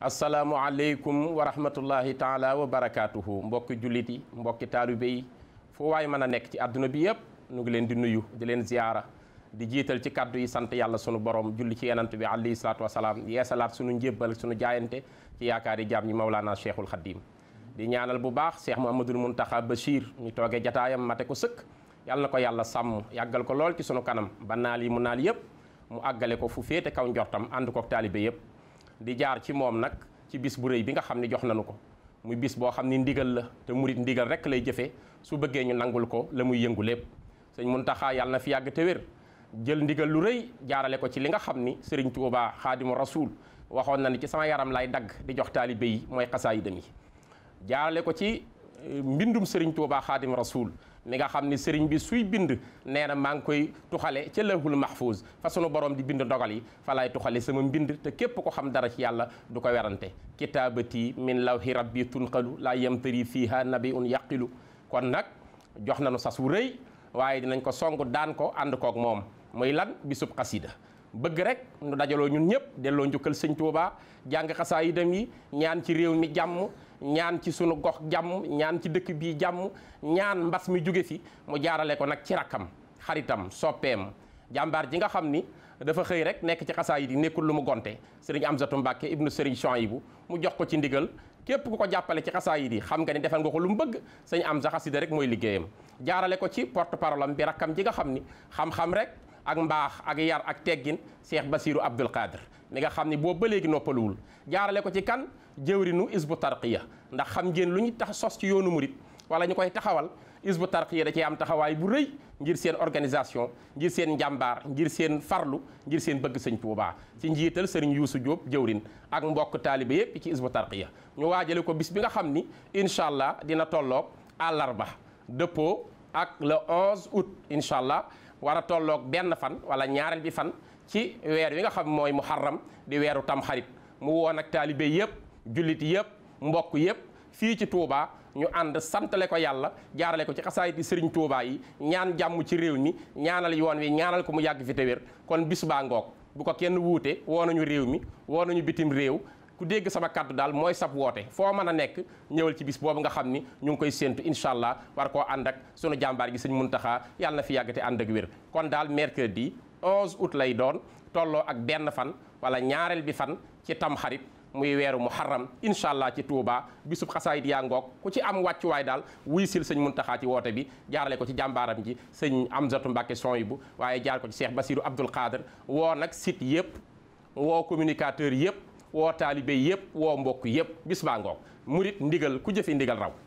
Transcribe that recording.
asalaamualeykum wa rahmatullahi taala wa barakaatuhu mbokki jullit yi mbokki taalibe yi foo waay mën a nekk ci àdduna bi yëpp nu ngi leen di nuyu di leen ziyaara di jiital ci kàddu yi sant yàlla sunu borom julli ci yenant bi alayhi salaatu wasalaam yeesalaat sunu njébbal sunu jaayante ci yaakaar yi jaam yi mawlaana cheikhul xadim di ñaanal bu baax cheikh muhammadul muntaxa bachir mi toogee jataayam mate ko sëkk yàlla na ko yàlla sàmm yàggal ko lool ci sunu kanam ba naal yi mu naal yëpp mu àggale ko fu féete kaw njortam ànd kook taalibe yëpp di jaar ci moom nag ci bis bu rëy bi nga xam ne jox nañu ko muy bis boo xam ni ndigal la te murit ndigal rek lay jëfee su bëggee ñu nangul ko la muy yëngu lépp sëñ Muntaxa yàlla na fi yàgg te jël ndigal lu rëy jaarale ko ci li nga xam ni sëriñ Tuuba xaadimu rasuul waxoon na ni ci sama yaram lay dagg di jox taalibe yi mooy xasaayidam yi jaarale ko ci eh, mbindum sëriñ Tuuba xaadimu rasuul mi nga xam ni sëriñ bi suy bind nee na maa ngi koy tuxale ca lawhul mahfuz fa sunu borom di bind dogal yi fa laay tuxale sama mbind te képp ko xam dara ci yàlla du ko werante kitaabati min lawhi rabbi tunqalu laa yamtari fiha nabiun yaqilu kon nag jox nañu sas wu rëy waaye dinañ ko song daan ko ànd kook moom muy lan bi bisub xasida bëgg rek nu dajaloo ñun ñëpp delloo njukkal sëñ Tuubaa jàng xasaayidam yi ñaan ci réew mi jàmm ñaan ci sunu gox jàmm ñaan ci dëkk bii jàmm ñaan mbas mi jóge fi mu jaarale ko nag ci rakkam xaritam soppeem jàmbaar ji nga xam ni dafa xëy rek nekk ci xasaa yi di nekkul lu mu gonte sëriñ Amsatu Mbàkke ibnu sëriñ bu mu jox ko ci ndigal képp ku ko jàppale ci xasaa yi di xam nga ni defal nga ko lu mu bëgg sëñ Amsa xasida rek mooy liggéeyam jaarale ko ci porte parole am bi rakkam ji nga xam ni xam-xam rek ak mbaax ak yar ak teggin Cheikh Basirou Abdoul Khadr mi nga xam ni boo ba léegi noppaluwul jëwrinu isbu tarqiya ndax xam ngeen lu ñu tax sos ci yoonu murit wala ñu koy taxawal isbu tarqiya da cee am taxawaay bu rëy ngir seen organisation ngir seen njàmbaar ngir seen farlu ngir seen bëgg sëñ Tuubaa ci njiital sëriñ Yuusu Jóob jëwrin ak mbokk taalibe yépp ci isbu tarqiya ñu waajale ko bis bi nga xam ni incha allah dina tolloog àllarba dëppoo ak le 11 août incha allah war a tolloog benn fan wala ñaareel bi fan ci weer wi nga xam mooy muharram di weeru tamxarit mu woon ak taalibe yépp jullit yëpp mbokk yëpp fii ci Touba ñu ànd santale ko yàlla jaarale ko ci xasaayit yi sëriñ Touba yi ñaan jàmm ci réew mi ñaanal yoon wi ñaanal ko mu yàgg fi te wér kon bis baa ngoog bu ko kenn wuute woo nañu réew mi woo nañu bitim réew ku dégg sama kàddu daal mooy sab woote foo mën a nekk ñëwal ci bis boobu nga xam ni ñu ngi koy séentu incha allah war koo ànd ak sunu jàmbaar gi sëñ Muntaxa yàlla na fi yàgg te ànd ak wér kon daal mercredi 11 août lay doon tolloo ak benn fan wala ñaareel bi fan ci tam muy weeru muharram incha allah ci Touba bisub xasaayit ya ngoog ku ci am wàccuwaay daal wuy sil sëñ Muntaxa ci woote bi jaarale ko ci jàmbaaram ji sëñ Amzatu Mbàkke son yi bu waaye jaar ko ci Cheikh Basiru Abdul Qadir woo nag site yëpp woo communicateur yëpp woo taalibe yëpp woo mbokk yëpp bis baa ngoog murit ndigal ku jëfi ndigal raw